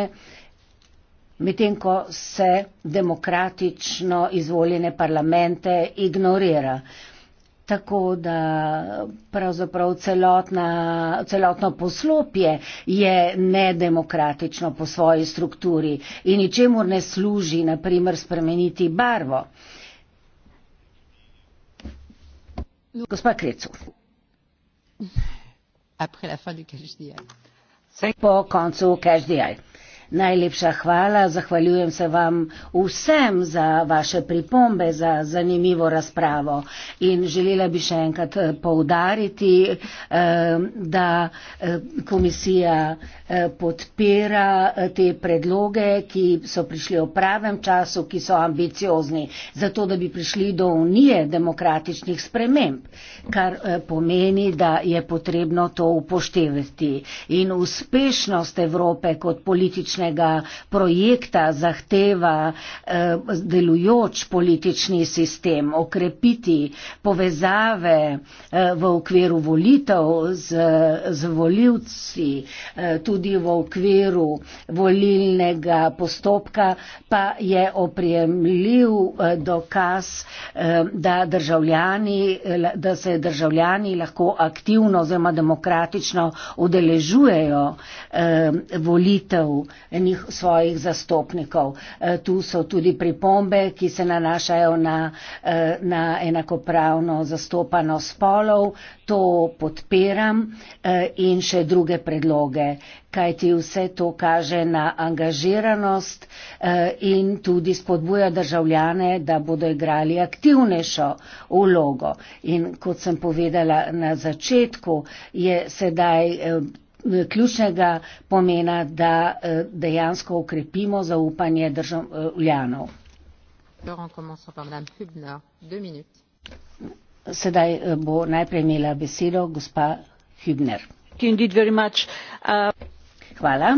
Medtem ko se demokratično izvoljene parlamente ignorira. Tako da pravzaprav celotna, celotno poslopje je nedemokratično po svoji strukturi in ničemur ne služi, naprimer, spremeniti barvo. Gospa Krecu. Po koncu Cash DI. Najlepša hvala, zahvaljujem se vam vsem za vaše pripombe, za zanimivo razpravo in želela bi še enkrat eh, poudariti, eh, da eh, komisija podpira te predloge, ki so prišli v pravem času, ki so ambiciozni, zato da bi prišli do unije demokratičnih sprememb, kar pomeni, da je potrebno to upoštevati in uspešnost Evrope kot politične političnega projekta zahteva eh, delujoč politični sistem, okrepiti povezave eh, v okviru volitev z, z voljivci, eh, tudi v okviru volilnega postopka, pa je opremljiv dokaz, da, državljani, da se državljani lahko aktivno oziroma demokratično udeležujejo volitev njih, svojih zastopnikov. E, tu so tudi pripombe, ki se nanašajo na, e, na enakopravno zastopano spolov. To podpiram e, in še druge predloge, kajti vse to kaže na angažiranost in tudi spodbuja državljane, da bodo igrali aktivnejšo vlogo. In kot sem povedala na začetku, je sedaj ključnega pomena, da eh, dejansko ukrepimo zaupanje državljanov. Sedaj eh, bo najprej imela besedo gospa Hübner. Uh, Hvala.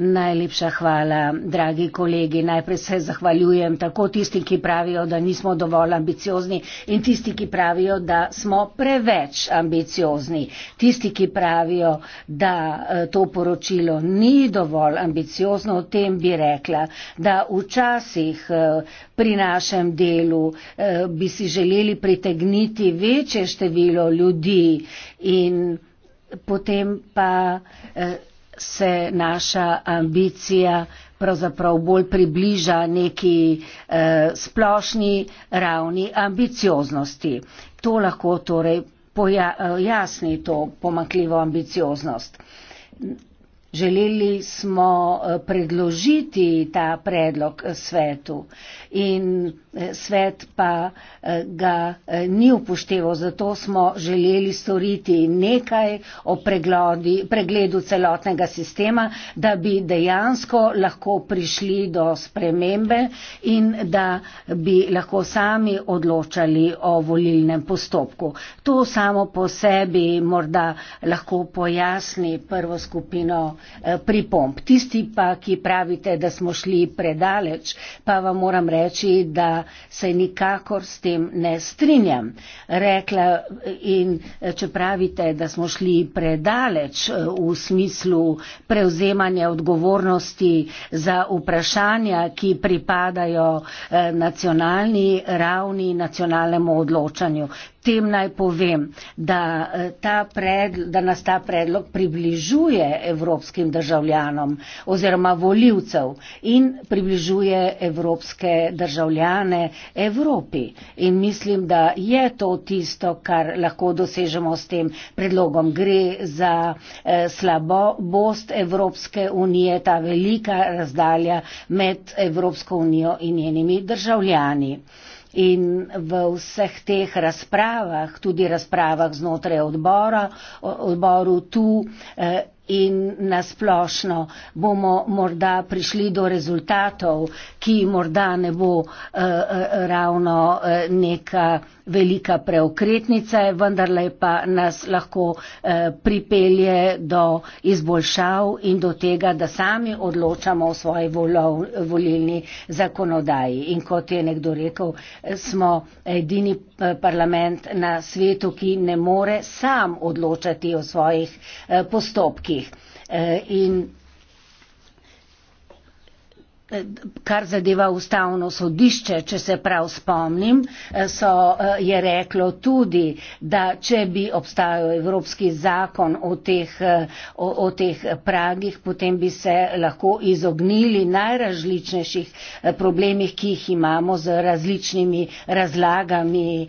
Najlepša hvala, dragi kolegi. Najprej se zahvaljujem tako tistim, ki pravijo, da nismo dovolj ambiciozni in tisti, ki pravijo, da smo preveč ambiciozni. Tisti, ki pravijo, da e, to poročilo ni dovolj ambiciozno, o tem bi rekla, da včasih e, pri našem delu e, bi si želeli pritegniti večje število ljudi in potem pa. Eh, se naša ambicija pravzaprav bolj približa neki eh, splošni ravni ambicioznosti. To lahko torej pojasni eh, to pomakljivo ambicioznost. Želeli smo eh, predložiti ta predlog eh, svetu in eh, svet pa ga ni upošteval, zato smo želeli storiti nekaj o preglodi, pregledu celotnega sistema, da bi dejansko lahko prišli do spremembe in da bi lahko sami odločali o volilnem postopku. To samo po sebi morda lahko pojasni prvo skupino. Eh, pripomp. Tisti pa, ki pravite, da smo šli predaleč, pa vam moram reči, da se nikakor s tem ne strinjam. Rekla eh, in eh, če pravite, da smo šli predaleč v smislu prevzemanja odgovornosti za vprašanja, ki pripadajo nacionalni ravni, nacionalnemu odločanju tem naj povem, da, eh, pred, da nas ta predlog približuje evropskim državljanom oziroma voljivcev in približuje evropske državljane Evropi. In mislim, da je to tisto, kar lahko dosežemo s tem predlogom. Gre za eh, slabost Evropske unije, ta velika razdalja med Evropsko unijo in njenimi državljani. In v vseh teh razpravah, tudi razpravah znotraj odbora, odboru tu, eh, in nasplošno bomo morda prišli do rezultatov, ki morda ne bo eh, eh ravno eh, neka velika preokretnica, vendar le pa nas lahko eh, pripelje do izboljšav in do tega, da sami odločamo o svoji volilni zakonodaji. In kot je nekdo rekel, eh, smo edini Eh, parlament na svetu, ki ne more sam odločati o svojih eh, postopkih. Eh, in kar zadeva ustavno sodišče, če se prav spomnim, so, je reklo tudi, da če bi obstajal evropski zakon o teh, o, o teh pragih, potem bi se lahko izognili najražličnejših problemih, ki jih imamo z različnimi razlagami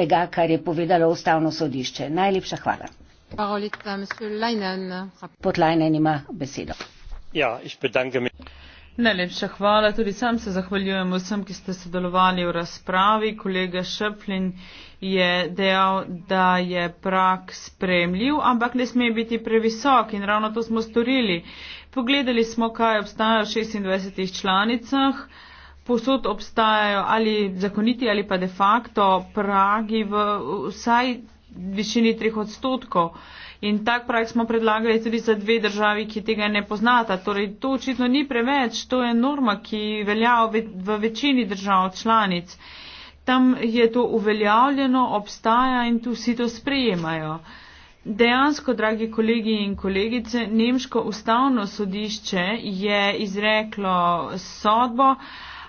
tega, kar je povedalo ustavno sodišče. Najlepša hvala. Podlajnen ima besedo. Ja, Najlepša hvala. Tudi sam se zahvaljujem vsem, ki ste sodelovali v razpravi. Kolega Šeplin je dejal, da je prak spremljiv, ampak ne sme biti previsok in ravno to smo storili. Pogledali smo, kaj obstaja v 26 članicah. Posod obstajajo ali zakoniti ali pa de facto pragi v vsaj višini 3 odstotkov. In tak prak smo predlagali tudi za dve državi, ki tega ne poznata. Torej, to očitno ni preveč, to je norma, ki velja v večini držav članic. Tam je to uveljavljeno, obstaja in tu vsi to sprejemajo. Dejansko, dragi kolegi in kolegice, nemško ustavno sodišče je izreklo sodbo,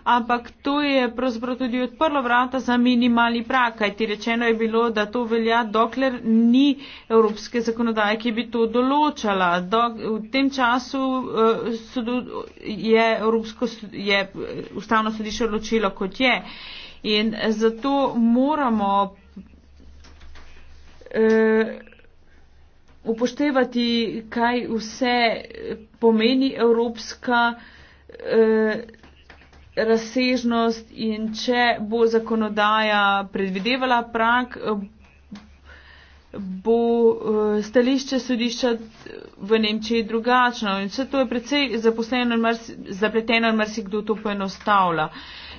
ampak to je pravzaprav tudi odprlo vrata za minimalni prak, kaj ti rečeno je bilo, da to velja, dokler ni evropske zakonodaje, ki bi to določala. Do, v tem času eh, je, Evropsko, je eh, ustavno sodišče odločilo, kot je. In zato moramo. Eh, upoštevati, kaj vse pomeni evropska eh, razsežnost in če bo zakonodaja predvidevala prak, bo eh, stališče sodišča v Nemčiji drugačno. In vse to je precej zapleteno in marsikdo to poenostavlja.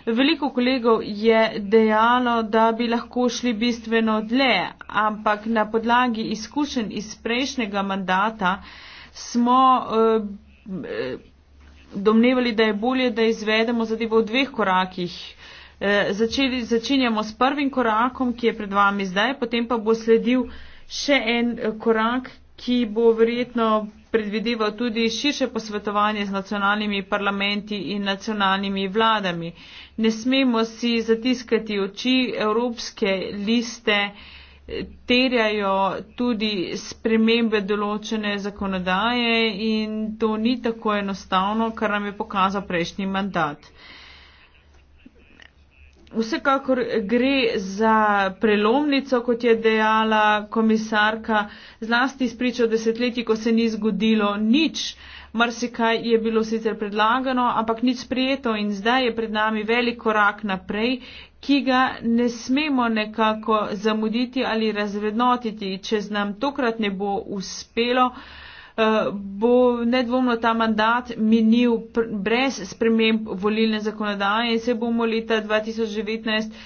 Veliko kolegov je dejalo, da bi lahko šli bistveno dlje, ampak na podlagi izkušenj iz prejšnjega mandata smo. Eh, domnevali, da je bolje, da izvedemo zadevo v dveh korakih. Eh, začeli, začenjamo s prvim korakom, ki je pred vami zdaj, potem pa bo sledil še en eh, korak, ki bo verjetno predvideval tudi širše posvetovanje z nacionalnimi parlamenti in nacionalnimi vladami. Ne smemo si zatiskati oči evropske liste eh, terjajo tudi spremembe določene zakonodaje in to ni tako enostavno, kar nam je pokazal prejšnji mandat. Vsekakor gre za prelomnico, kot je dejala komisarka, zlasti spričo desetletji, ko se ni zgodilo nič. Marsikaj je bilo sicer predlagano, ampak nič sprijeto in zdaj je pred nami velik korak naprej, ki ga ne smemo nekako zamuditi ali razvednotiti. Če nam tokrat ne bo uspelo, eh, bo nedvomno ta mandat minil brez sprememb volilne zakonodaje in se bomo leta 2019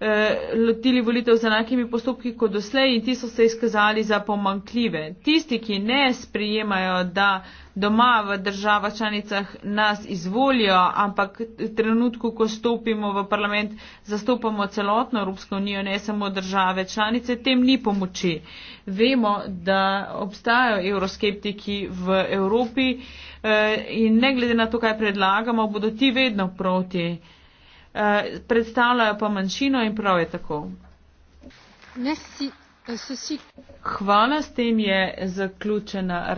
eh, lotili volitev z enakimi postopki kot doslej in ti so se izkazali za pomankljive. Tisti, ki ne sprijemajo, da doma v država članicah nas izvolijo, ampak v trenutku, ko stopimo v parlament, zastopamo celotno Evropsko unijo, ne samo države članice, tem ni pomoči. Vemo, da obstajajo euroskeptiki v Evropi eh, in ne glede na to, kaj predlagamo, bodo ti vedno proti. Eh, Eh, predstavljajo pa manjšino in prav je tako. Merci. Eh, Hvala, s tem je zaključena razprava.